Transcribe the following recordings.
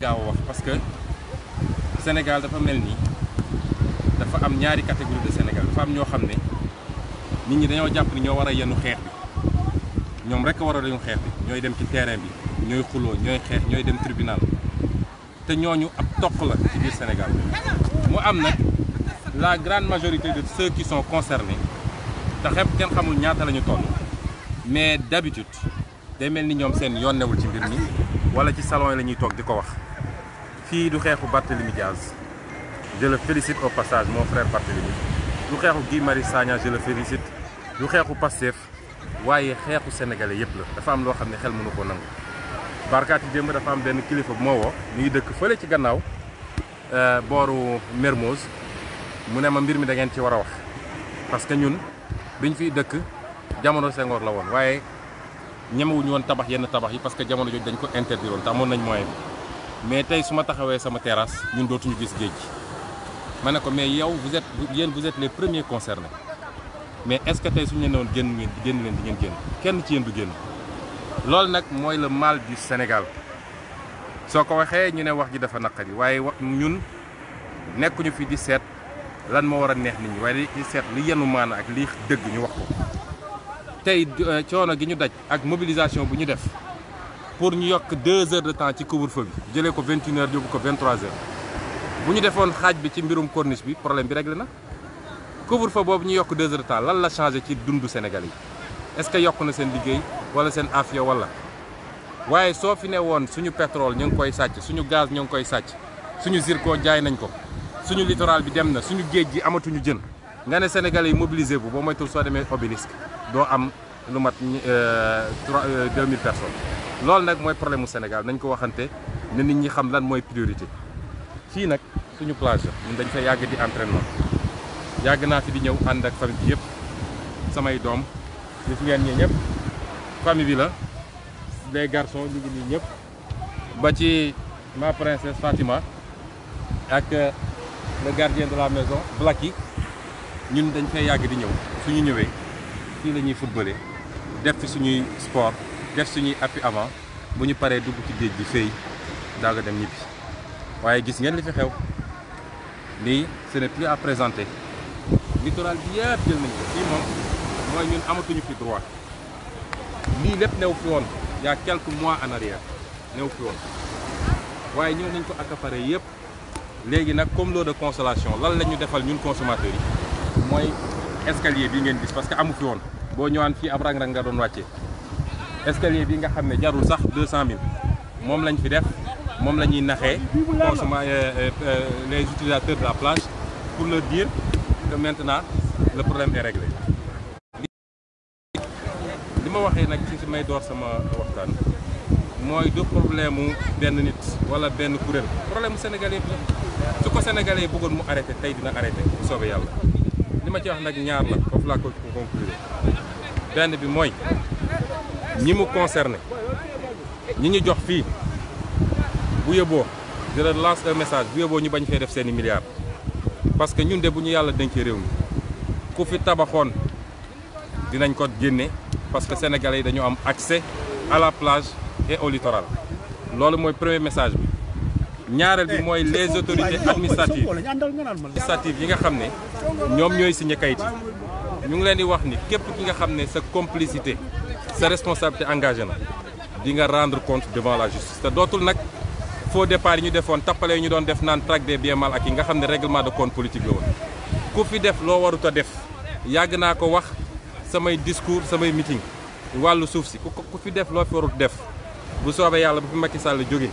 gaaw parce que Sénégal dafa mel ni dafa am ñaari catégorie de Sénégal dafa am ñoo xam ne nit ñi dañoo jàpp ni ñoo war a yenu xeex bi ñoom rek war a yenu xeex bi ñooy dem ci terrain bi ñooy xuloo ñooy xeex ñooy dem tribunal te ñoo ñu ab toq la ci biir Sénégal mu am na la grande majorité de ceux qui sont concernés te xepp kenn xamul ñaata la ñu toll mais d'habitude day mel ni ñoom seen yoon newul ci mbir mi wala ci salon yi la ñuy toog di ko wax kii du xeexu Barthélémy Diaz je le félicite o passage mon frère Barthélémy du xeexu Guy Marius Sagna je le félicite du xeexu Pastef waaye xeexu sénégalais yëpp la dafa am loo xam ne xel mënu ko nangu barkaati démb dafa am benn kilifa bu moo mi ngi dëkk fële ci gannaaw euh, booru Mermoz mu ne ma mbir mi da ngeen ci war a wax parce que ñun biñ fi dëkk jamono Senghor la woon waaye ñemewuñu woon tabax yenn tabax yi parce que jamono jooju dañ ko interdire woon te amoon nañ moyen mais tey su ma taxawee sama terrasse ñun dootuñu gis géej gi ma ne ko mais yow vous êtes yéen vous êtes les premiers concernés mais est-ce que tey suñu leen woon génn ngeen génn leen di ngeen génn kenn ci yéen du génn loolu nag mooy le mal du senegal soo ko waxee ñu ne wax ji dafa naqari waaye wax ñun nekkuñu fi di seet lan moo war a neex nit ñi waaye di seet li yenu maana ak lii dëgg ñu wax ko tey euh, coono gi ñu daj ak mobilisation bu ñu def pour ñu yokk deux heures de temps ci couvre-feu bi jëlee ko vingt une yóbbu ko vingt trois heures bu ñu defoon xaaj bi ci mbirum corniche bi problème bi réglé na couvre-feu boobu ñu yokk deux heures de temps lan la changé ci dundu senegal yi est-ce que yokk na seen liggéey wala seen afia wala waaye soo fi nee woon suñu pétrole ñu ngi koy sàcc suñu gaz ñu ngi koy sàcc suñu zircon jaay nañ ko suñu littoral bi dem na suñu géej gi amatuñu jën nga ne Sénégalais yi bu boo moytul soo demee obélisque doo am lu mat 2000 euh, euh, personnes loolu nag mooy problème mu Sénégal nañ ko waxante ne nit ñi xam lan mooy priorité fii nag suñu plage la ñun dañ fa yàgg di entraînement yàgg naa fi di ñëw ànd ak famille bi yëpp samay doom gis ngeen ñi ñëpp famille bi la les garçons ñu ngi nii ñëpp ba ci ma princesse Fatima ak euh, le gardien de la maison Blacky ñun dañ fay yàgg di ñëw suñu ñëwee fii lañuy ñuy footballé def fi suñuy sport def suñuy appui avant bu ñu paree dugg ci géej gi fay daaga dem ñibbi waaye gis ngeen li fi xew lii ce n'est plus à présenter littoral bi yëpp jël nañ ko fii mooy ñun amatuñu fi droit lii lépp new fi woon y a quelques mois en arrière new fi woon waaye ñëw nañ ko pare yëpp léegi nag comme lot de consolation lan la ñu defal ñun consommateurs yi mooy escalier bi ngeen gis parce que amu fi woon boo ñëwaan fii ab rang nga doon wàccee escalier bi nga xam ne jarul sax cent 200000 moom lañ fi def moom la ñuy naxee consommé euh, euh, euh, les utilisateurs de la plage pour leur dire que maintenant le problème est réglé. li ma waxee nag ci may door sama waxtaan mooy du problème benn nit wala benn kuréel problème mu sénégalais bi su ko sénégalais bëggoon mu arrêté tey dina arrêté bu soobee yàlla li ma ci wax nag ñaar la foofu laa ko conclure benn bi mooy. ñi mu concerné ñi ñu jox fii bu yóbboo di la lance un message bu yóbboo ñu bañ fee def seeni milliards parce que ñun de bu ñu yàlla dencee réew mi ku fi tabaxoon dinañ ko génne parce que sénégalais yi dañu am accès à la plage et au littoral loolu mooy premier message bi ñaareel bi mooy les autorités administratives administratives yi nga xam ne ñoom ñooy signé kayit ñu ngi leen di wax ni képp ki nga xam ne sa complicité sa responsabilité engagé na di nga rendre compte devant la justice te dootul nag foo départ yi ñu defoon tappale yi ñu doon def naan traque des biens mal acquis yi nga xam ne règlement de koon politique la woon ku fi def loo warut a def yàgg naa ko wax samay discours samay mitin wàllu suuf si ku ku fi def loo fi warut def bu soobee yàlla bu fi Macky Sall jóge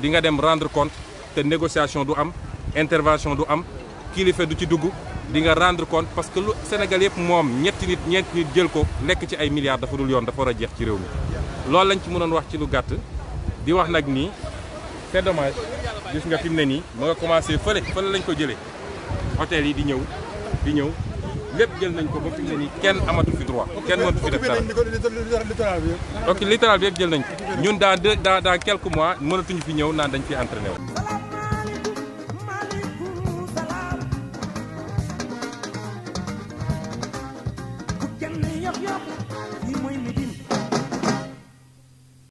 di nga dem rendre compte te négociation du am intervention du am kilifa du ci dugg di nga rendre compte parce que lu Sénégal yëpp moom ñetti nit ñeenti nit jël ko lekk ci ay milliards dafa dul yoon dafa war a jeex ci réew mi. loolu lañ ci mënoon wax ci lu gàtt di wax nag nii c'est dommage gis nga fi mu ne nii ma nga commencé fële fële lañ ko jëlee hôtel yi di ñëw di ñëw. lépp jël nañ ko ba fi mu ne nii kenn amatu fi droit kenn mënatu fi def dara ok littoral bi yëpp jël nañ ko ñun dans deux dans mois mënatuñu fi ñëw naan dañ fi entraîné wu.